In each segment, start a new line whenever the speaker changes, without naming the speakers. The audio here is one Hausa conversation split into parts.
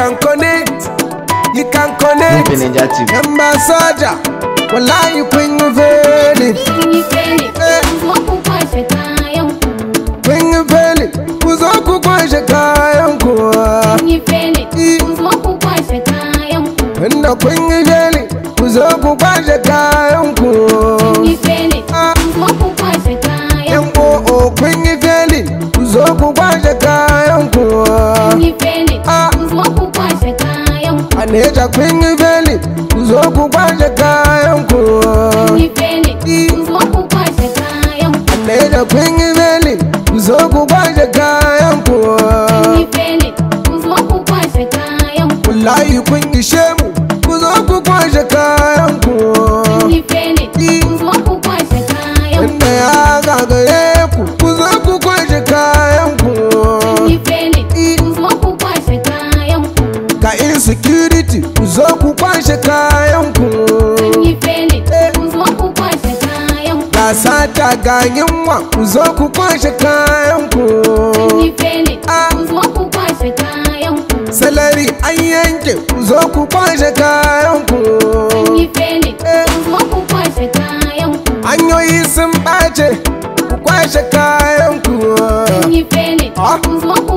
can connect you can connect yan ba soja wallahi kun yi failing kun yi failing ku zo ku kwashe kayan kowa kun
yi failing ku zo
kayan kowa kuita kwingiveni
uzokukwanjekayonkuwo
ka insecurity ku zo kaya kwashe kayan eh.
ku
ga sata ga yunwa ku zo ku kwashe kayan
ah. ku salari an yanke
ku zo ku kwashe kayan
eh. ku
hanyoyi sun ɓace ku kwashe kayan ku
ah. ku zo ku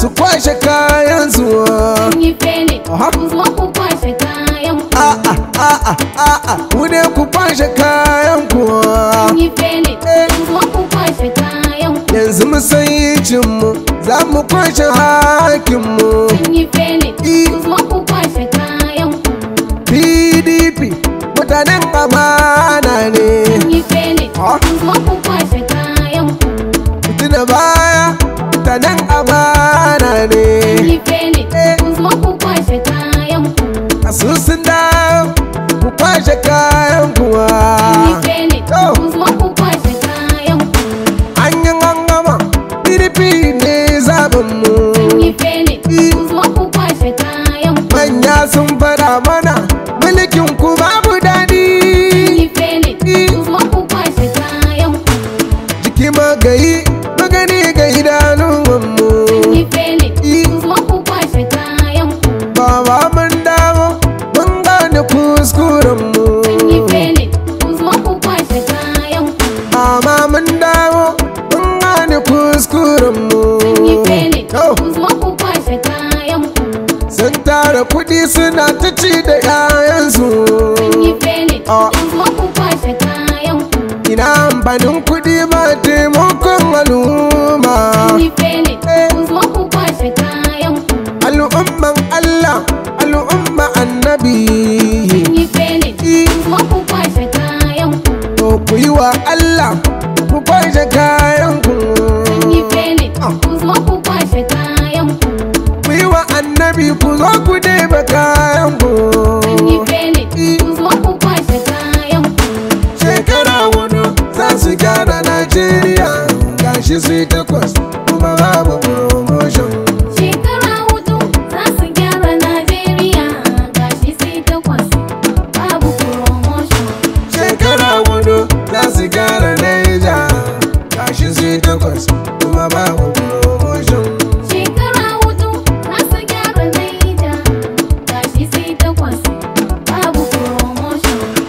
su kwashe kayan su sun yi
fene ku zo ku
kwashe kayan ku a a a a a ku ne ku kwashe kayan ku sun
yi fene eh. ku zo ku kayan ku
yanzu mu san mu za mu kwashe hakin mu da kuskuren amma mun dawo mun gane kuskuren mu sun tara kuɗi suna ta ci da 'ya'yansu ah. ina amfanin kuɗi yi wa Allah ku kwashe kayan ku ku zo ku kwashe kayan ku ku yi wa annabi ku zo ku deba kayan ku shekara wani za su gyara Najeriya gashi su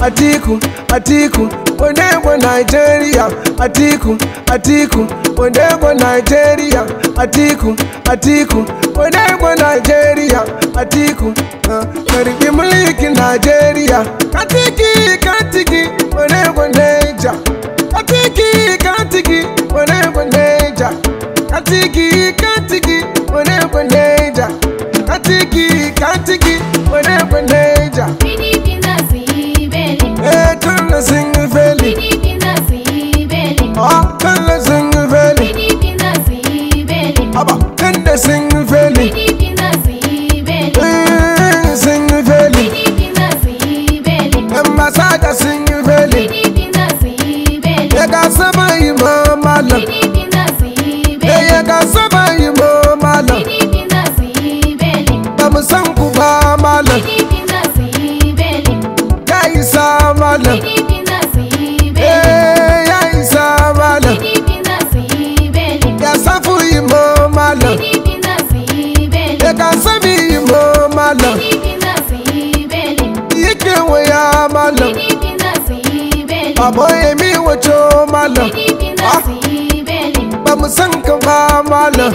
Atiku, Atiku, whenever Nigeria, Atiku, Atiku, whenever Nigeria, Atiku, Atiku, whenever Nigeria, Atiku, uh, Atiku, Atiku, Nigeria, Atiki, Katiki, whenever Niger, Atiki, Katiki, whenever Niger, Atiki, Katiki, whenever Niger, Atiki, Katiki, whenever Niger.
sing aboye mi wato malam ah.
ba mu san ka ba malam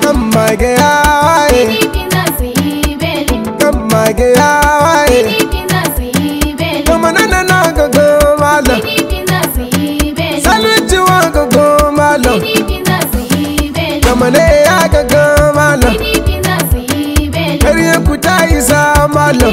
kan mage ya waye kan mage ya waye kuma na na gago malam
salwiti wa gago malam
kuma ne ya gago malam
kar ku ta sa malam